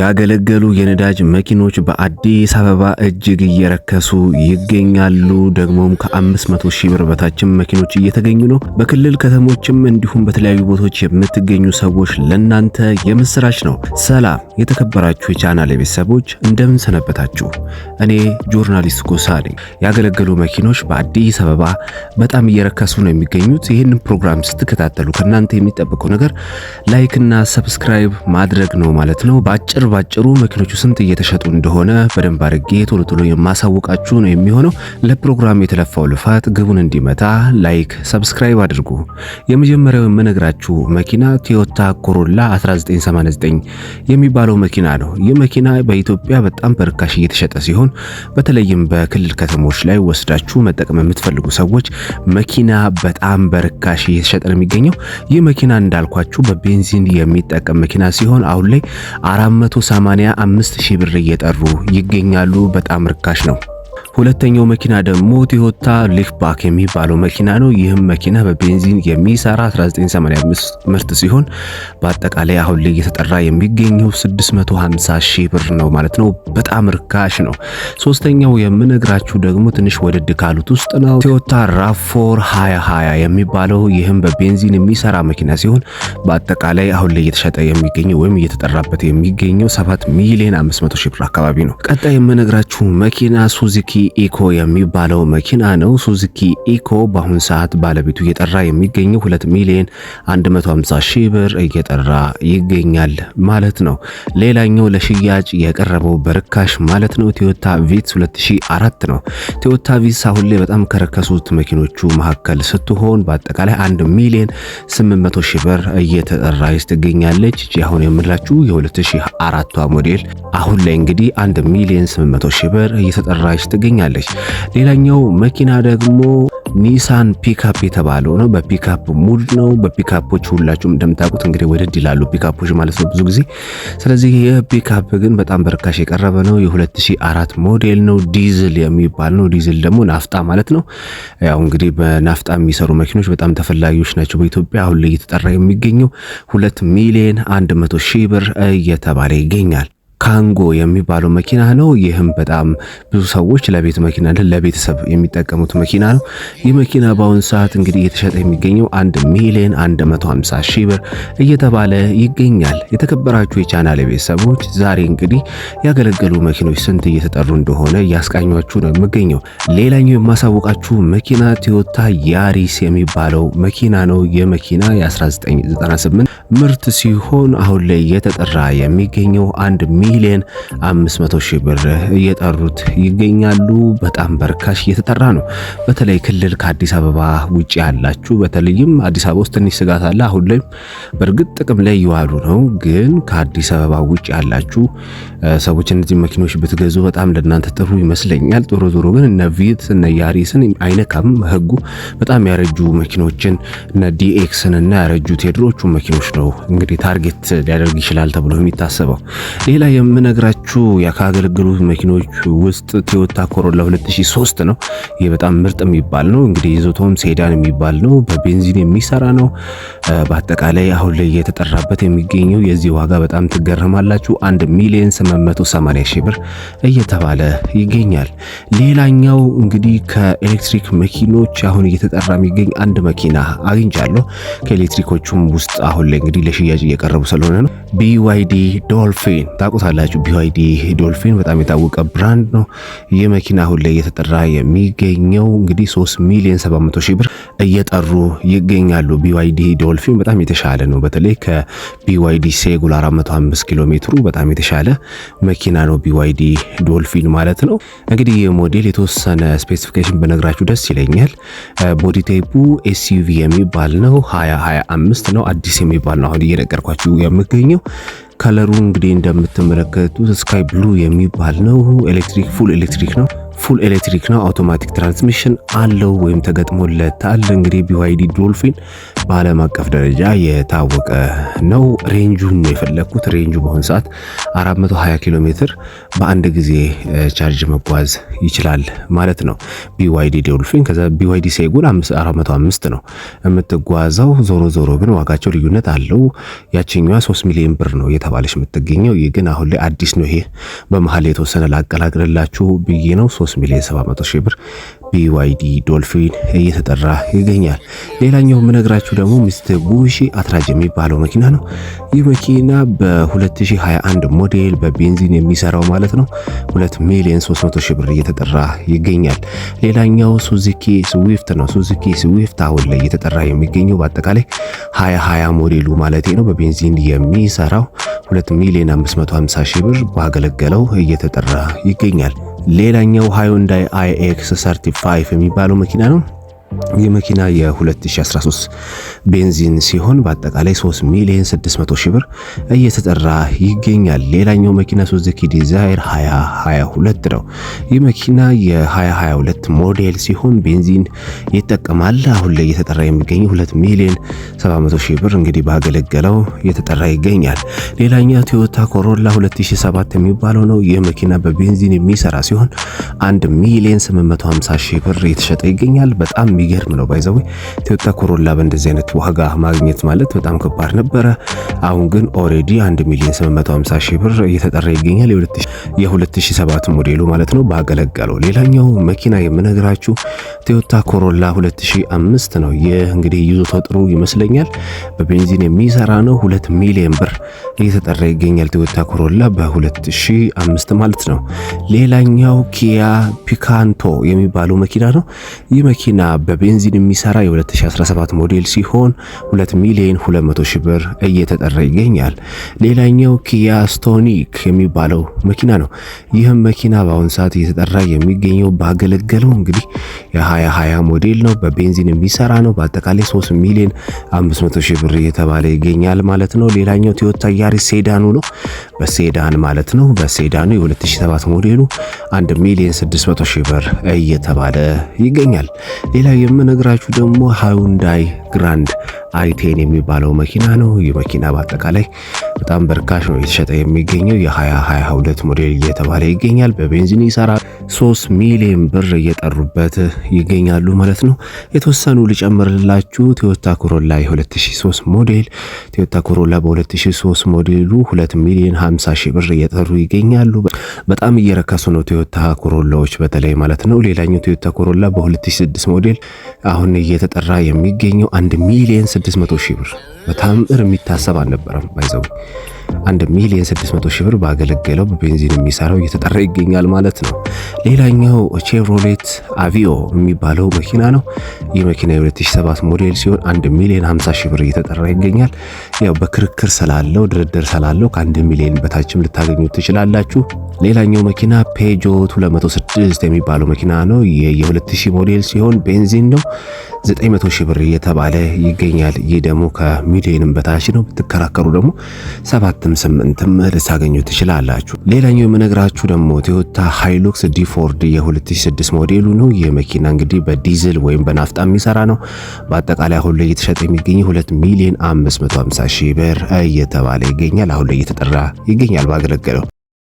ያገለገሉ የነዳጅ መኪኖች በአዲስ አበባ እጅግ እየረከሱ ይገኛሉ። ደግሞም ከ500 ሺህ ብር በታችም መኪኖች እየተገኙ ነው። በክልል ከተሞችም እንዲሁም በተለያዩ ቦታዎች የምትገኙ ሰዎች ለእናንተ የምስራች ነው። ሰላም የተከበራችሁ የቻናል ቤተሰቦች እንደምን ሰነበታችሁ? እኔ ጆርናሊስት ጎሳ ነኝ። ያገለገሉ መኪኖች በአዲስ አበባ በጣም እየረከሱ ነው የሚገኙት። ይህንን ፕሮግራም ስትከታተሉ ከእናንተ የሚጠበቀው ነገር ላይክና ሰብስክራይብ ማድረግ ነው ማለት ነው። በአጭር ባጭሩ መኪኖቹ ስንት እየተሸጡ እንደሆነ በደንብ አድርጌ ቶሎ ቶሎ የማሳውቃችሁ ነው የሚሆነው። ለፕሮግራም የተለፋው ልፋት ግቡን እንዲመታ ላይክ፣ ሰብስክራይብ አድርጉ። የመጀመሪያው የምነግራችሁ መኪና ቶዮታ ኮሮላ 1989 የሚባለው መኪና ነው። ይህ መኪና በኢትዮጵያ በጣም በርካሽ እየተሸጠ ሲሆን በተለይም በክልል ከተሞች ላይ ወስዳችሁ መጠቀም የምትፈልጉ ሰዎች መኪና በጣም በርካሽ እየተሸጠ ነው የሚገኘው። ይህ መኪና እንዳልኳችሁ በቤንዚን የሚጠቀም መኪና ሲሆን አሁን ላይ አራት 185 ሺህ ብር እየጠሩ ይገኛሉ። በጣም ርካሽ ነው። ሁለተኛው መኪና ደግሞ ቶዮታ ሊፍባክ የሚባለው መኪና ነው። ይህም መኪና በቤንዚን የሚሰራ 1985 ምርት ሲሆን በአጠቃላይ አሁን ላይ እየተጠራ የሚገኘው 650 ሺህ ብር ነው ማለት ነው። በጣም ርካሽ ነው። ሶስተኛው የምነግራችሁ ደግሞ ትንሽ ወደድ ካሉት ውስጥ ነው። ቶዮታ ራፎር 2020 የሚባለው ይህም በቤንዚን የሚሰራ መኪና ሲሆን በአጠቃላይ አሁን ላይ እየተሸጠ የሚገኘው ወይም እየተጠራበት የሚገኘው 7 ሚሊዮን 500 ሺህ ብር አካባቢ ነው። ቀጣይ የምነግራችሁ መኪና ሱዚኪ ኢኮ የሚባለው መኪና ነው። ሱዙኪ ኢኮ በአሁን ሰዓት ባለቤቱ እየጠራ የሚገኘው 2 ሚሊዮን 150 ሺህ ብር እየጠራ ይገኛል ማለት ነው። ሌላኛው ለሽያጭ የቀረበው በርካሽ ማለት ነው ቶዮታ ቪትስ 2004 ነው። ቶዮታ ቪትስ አሁን ላይ በጣም ከረከሱት መኪኖቹ መካከል ስትሆን በአጠቃላይ 1 ሚሊዮን 800 ሺህ ብር እየተጠራች ትገኛለች። አሁን የምላችሁ የ2004 ሞዴል አሁን ላይ እንግዲህ 1 ሚሊዮን 800 ሺህ ብር እየተጠራች ትገኛለች። ትገኛለች። ሌላኛው መኪና ደግሞ ኒሳን ፒካፕ የተባለው ነው። በፒካፕ ሙድ ነው። በፒካፖች ሁላችሁም እንደምታውቁት እንግዲህ ወደድ ይላሉ ፒካፖች ማለት ነው ብዙ ጊዜ። ስለዚህ ይህ ፒካፕ ግን በጣም በርካሽ የቀረበ ነው። የ2004 ሞዴል ነው። ዲዝል የሚባል ነው። ዲዝል ደግሞ ናፍጣ ማለት ነው። ያው እንግዲህ በናፍጣ የሚሰሩ መኪኖች በጣም ተፈላጊዎች ናቸው በኢትዮጵያ አሁን ላይ እየተጠራ የሚገኘው ሁለት ሚሊዮን አንድ መቶ ሺህ ብር እየተባለ ይገኛል። ካንጎ የሚባለው መኪና ነው። ይህም በጣም ብዙ ሰዎች ለቤት መኪና ለቤተሰብ የሚጠቀሙት መኪና ነው። ይህ መኪና በአሁን ሰዓት እንግዲህ እየተሸጠ የሚገኘው አንድ ሚሊዮን 150 ሺ ብር እየተባለ ይገኛል። የተከበራችሁ የቻናል ቤተሰቦች ዛሬ እንግዲህ ያገለገሉ መኪኖች ስንት እየተጠሩ እንደሆነ እያስቃኟችሁ ነው የምገኘው። ሌላኛው የማሳወቃችሁ መኪና ቶዮታ ያሪስ የሚባለው መኪና ነው። የመኪና የ1998 ምርት ሲሆን አሁን ላይ እየተጠራ የሚገኘው 1 ሚሊዮን 500 ሺህ ብር እየጠሩት ይገኛሉ። በጣም በርካሽ እየተጠራ ነው። በተለይ ክልል ከአዲስ አበባ ውጭ ያላችሁ፣ በተለይም አዲስ አበባ ውስጥ ትንሽ ስጋት አለ። አሁን ላይ በእርግጥ ጥቅም ላይ እየዋሉ ነው፣ ግን ከአዲስ አበባ ውጭ ያላችሁ ሰዎች እነዚህ መኪኖች ብትገዙ በጣም ለእናንተ ጥሩ ይመስለኛል። ጥሩ ጥሩ ግን እነ ቪት እነ ያሪስን አይነካም ህጉ። በጣም ያረጁ መኪኖችን እነ ዲኤክስን እና ያረጁ ቴድሮቹ መኪኖች ነው እንግዲህ ታርጌት ሊያደርግ ይችላል ተብሎ የሚታሰበው። ሌላ የምነግራችሁ ካገለገሉ መኪኖች ውስጥ ቶዮታ ኮሮላ 2003 ነው። ይህ በጣም ምርጥ የሚባል ነው እንግዲህ ይዞታውም ሴዳን የሚባል ነው። በቤንዚን የሚሰራ ነው። በአጠቃላይ አሁን ላይ እየተጠራበት የሚገኘው የዚህ ዋጋ በጣም ትገረማላችሁ፣ 1 ሚሊዮን 880 ሺህ ብር እየተባለ ይገኛል። ሌላኛው እንግዲህ ከኤሌክትሪክ መኪኖች አሁን እየተጠራ የሚገኝ አንድ መኪና አግኝቻለሁ። ከኤሌክትሪኮቹም ውስጥ አሁን ላይ እንግዲህ ለሽያጭ እየቀረቡ ስለሆነ ነው። ቢዋይዲ ዶልፊን ታውቁታላችሁ። ቢዋይዲ ዶልፊን በጣም የታወቀ ብራንድ ነው። ይህ መኪና አሁን ላይ እየተጠራ የሚገኘው እንግዲህ 3 ሚሊዮን 700 ሺህ ብር እየጠሩ ይገኛሉ። ቢዋይዲ ዶልፊን በጣም የተሻለ ነው። በተለይ ከቢዋይዲ ሴጉል 405 ኪሎ ሜትሩ በጣም የተሻለ መኪና ነው። ቢዋይዲ ዶልፊን ማለት ነው። እንግዲህ ይህ ሞዴል የተወሰነ ስፔሲፊኬሽን በነግራችሁ ደስ ይለኛል። ቦዲ ቴይፑ ኤስዩቪ የሚባል ነው። 2025 ነው አዲስ የሚባል ነው አሁን እየነገርኳችሁ የምገኘው ከለሩ እንግዲህ እንደምትመለከቱት ስካይ ብሉ የሚባል ነው። ኤሌክትሪክ ፉል ኤሌክትሪክ ነው። ፉል ኤሌክትሪክ ነው። አውቶማቲክ ትራንስሚሽን አለው ወይም ተገጥሞለታል። እንግዲህ ቢዋይዲ ዶልፊን በዓለም አቀፍ ደረጃ የታወቀ ነው። ሬንጁን ነው የፈለግኩት። ሬንጁ በአሁኑ ሰዓት 420 ኪሎ ሜትር በአንድ ጊዜ ቻርጅ መጓዝ ይችላል ማለት ነው። ቢዋይዲ ዶልፊን ከዛ ቢዋይዲ ሴጉል 405 ነው የምትጓዘው። ዞሮ ዞሮ ግን ዋጋቸው ልዩነት አለው። ያችኛዋ 3 ሚሊዮን ብር ነው የተባለች የምትገኘው። ይህ ግን አሁን ላይ አዲስ ነው። ይሄ በመሀል የተወሰነ ላቀላቅልላችሁ ብዬ ነው 3 3 ሚሊዮን 700 ሺህ ብር ቢዋይዲ ዶልፊን እየተጠራ ይገኛል። ሌላኛው የምነግራችሁ ደግሞ ሚስተር ቡሺ አትራጅ የሚባለው መኪና ነው። ይህ መኪና በ2021 ሞዴል በቤንዚን የሚሰራው ማለት ነው። 2 ሚሊዮን 300 ሺህ ብር እየተጠራ ይገኛል። ሌላኛው ሱዚኪ ስዊፍት ነው። ሱዚኪ ስዊፍት አሁን ላይ እየተጠራ የሚገኘው በአጠቃላይ 2020 ሞዴሉ ማለት ነው በቤንዚን የሚሰራው 2 ሚሊዮን 550 ሺህ ብር ባገለገለው እየተጠራ ይገኛል። ሌላኛው ሃዩንዳይ አይኤክስ 35 የሚባለው መኪና ነው። ይህ መኪና የ2013 ቤንዚን ሲሆን በአጠቃላይ 3 ሚሊዮን 600 ሺህ ብር እየተጠራ ይገኛል። ሌላኛው መኪና ሱዙኪ ዲዛይር 2022 ነው። ይህ መኪና የ2022 ሞዴል ሲሆን ቤንዚን ይጠቀማል። አሁን ላይ እየተጠራ የሚገኘው 2 ሚሊዮን 700 ሺህ ብር እንግዲህ ባገለገለው እየተጠራ ይገኛል። ሌላኛው ቶዮታ ኮሮላ 2007 የሚባለው ነው። ይህ መኪና በቤንዚን የሚሰራ ሲሆን 1 ሚሊዮን 850 ሺህ ብር እየተሸጠ ይገኛል። በጣም የሚገርም ነው። ባይዘዌ ቶዮታ ኮሮላ በእንደዚህ አይነት ዋጋ ማግኘት ማለት በጣም ከባድ ነበረ። አሁን ግን ኦሬዲ 1 ሚሊዮን 750 ሺህ ብር እየተጠራ ይገኛል። የ2007 ሞዴሉ ማለት ነው ባገለገለው። ሌላኛው መኪና የምነግራችሁ ቶዮታ ኮሮላ 2005 ነው። ይህ እንግዲህ ይዞታው ጥሩ ይመስለኛል። በቤንዚን የሚሰራ ነው። 2 ሚሊዮን ብር እየተጠራ ይገኛል። ቶዮታ ኮሮላ በ2005 ማለት ነው። ሌላኛው ኪያ ፒካንቶ የሚባለው መኪና ነው። ይህ መኪና በቤንዚን የሚሰራ የ2017 ሞዴል ሲሆን 2 ሚሊዮን 200 ሺህ ብር እየተጠራ ይገኛል። ሌላኛው ኪያ ስቶኒክ የሚባለው መኪና ነው። ይህም መኪና በአሁን ሰዓት እየተጠራ የሚገኘው ባገለገለው እንግዲህ የ2020 ሞዴል ነው። በቤንዚን የሚሰራ ነው። በአጠቃላይ 3 ሚሊዮን 500 ሺህ ብር እየተባለ ይገኛል ማለት ነው። ሌላኛው ቶዮታ ያሪስ ሴዳኑ ነው። በሴዳን ማለት ነው። በሴዳኑ የ2007 ሞዴሉ 1 ሚሊዮን 600 ሺህ ብር እየተባለ ይገኛል። ሌላ የምነግራችሁ ደግሞ ሃዩንዳይ ግራንድ አይቴን የሚባለው መኪና ነው። ይህ መኪና በአጠቃላይ በጣም በርካሽ ነው የተሸጠ የሚገኘው የ2022 ሞዴል እየተባለ ይገኛል። በቤንዚን ይሰራል። ሶስት ሚሊዮን ብር እየጠሩበት ይገኛሉ ማለት ነው። የተወሰኑ ልጨምርላችሁ። ቶዮታ ኮሮላ የ2003 ሞዴል ቶዮታ ኮሮላ በ2003 ሞዴሉ 2 ሚሊዮን 50 ሺህ ብር እየጠሩ ይገኛሉ። በጣም እየረከሱ ነው ቶዮታ ኮሮላዎች በተለይ ማለት ነው። ሌላኛው ቶዮታ ኮሮላ በ2006 ሞዴል አሁን እየተጠራ የሚገኘው 1 ሚሊዮን 600 ሺህ ብር በታምር የሚታሰብ አልነበረም። ባይዘው አንድ ሚሊዮን 600 ሺህ ብር ባገለገለው በቤንዚን የሚሰራው እየተጠራ ይገኛል ማለት ነው። ሌላኛው ቼቭሮሌት አቪዮ የሚባለው መኪና ነው። ይህ መኪና የ2007 ሞዴል ሲሆን 1 ሚሊዮን 50 ሺህ ብር እየተጠራ ይገኛል። ያው በክርክር ስላለው ድርድር ስላለው ከ1 ሚሊዮን በታችም ልታገኙ ትችላላችሁ። ሌላኛው መኪና ፔጆ 206 የሚባለው መኪና ነው። የ2000 ሞዴል ሲሆን ቤንዚን ነው። 900 ሺህ ብር እየተባለ ይገኛል። ይህ ደግሞ ከሚሊዮንም በታች ነው። ብትከራከሩ ደግሞ ሰባትም ስምንትም ልታገኙ ትችላላችሁ። ሌላኛው የምነግራችሁ ደግሞ ቶዮታ ሃይሉክስ ዲ ፎርድ የ2006 ሞዴሉ ነው። ይህ መኪና እንግዲህ በዲዝል ወይም በናፍጣ የሚሰራ ነው። በአጠቃላይ አሁን ላይ እየተሸጠ የሚገኝ 2 ሚሊዮን 550 ሺህ ብር እየተባለ ይገኛል። አሁን ላይ እየተጠራ ይገኛል ባገለገለው